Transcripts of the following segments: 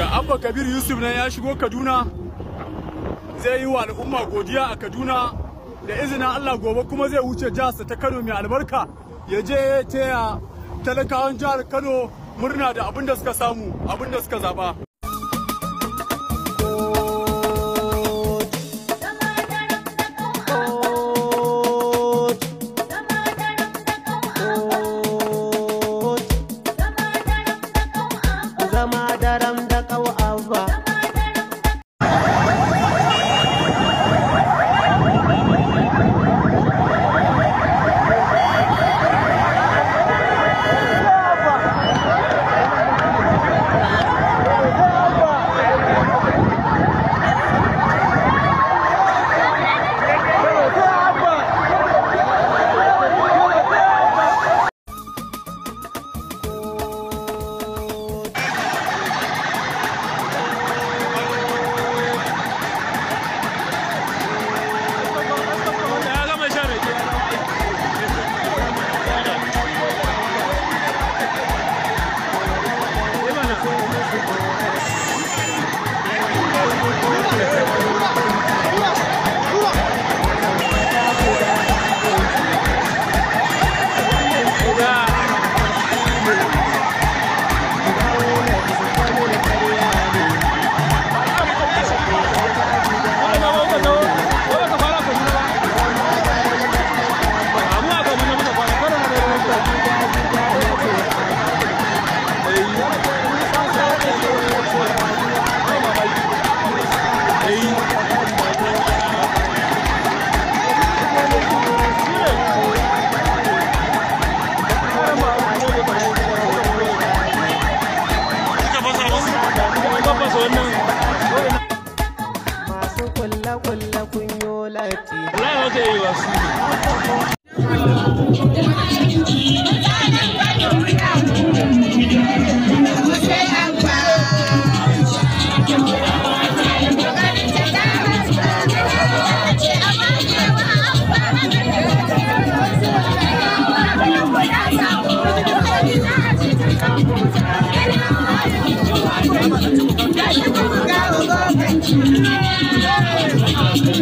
ga abba kabir yusuf nan ya shigo kaduna zai yi wa al'umma godiya a kaduna da izinin allah gobe kuma zai wuce jihar ta kano mai albarka ya je ya talakawan jihar kano murna da abin da suka samu abin da suka zaba zama daram ao alva. Let me tell you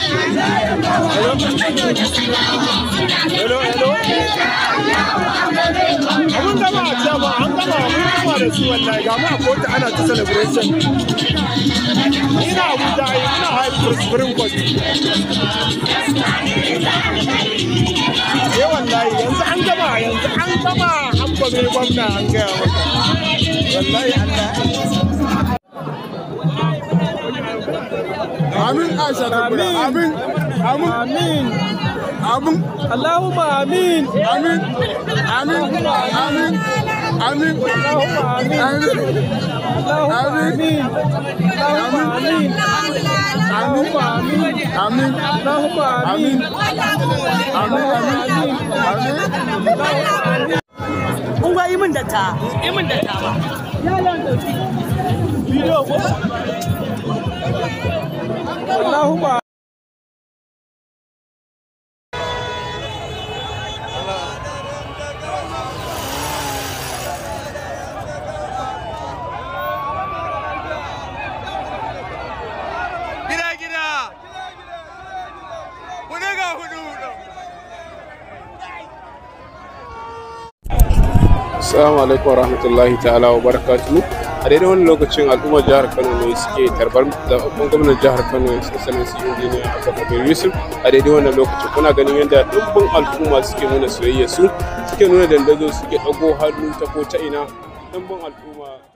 hello hello abun da ba a ce ba an gama da su wallahi ga ma kota ana ta celebration ina abuja ina haifar spring court eh wallahi yanzu an gama yanzu an gama an gwamna an gaya maka wallahi allah amin aisha kabura amin amin amin amin allahumma amin amin amin amin amin amin amin amin amin amin amin Unga amin, amin. da Yi min da ta ba. Ya yi Allahumma Assalamu alaikum warahmatullahi ta'ala wa barakatuhu a daidai wani lokacin al'ummar jihar kano ne suke tarbar zaɓaɓɓen gwamnan jihar kano sanin su a abubakar yusuf a daidai wannan lokacin kuna ganin yadda dubban al'umma suke nuna soyayya su suke nuna dandazo suke ɗago hannu ta ko ta ina dubban al'umma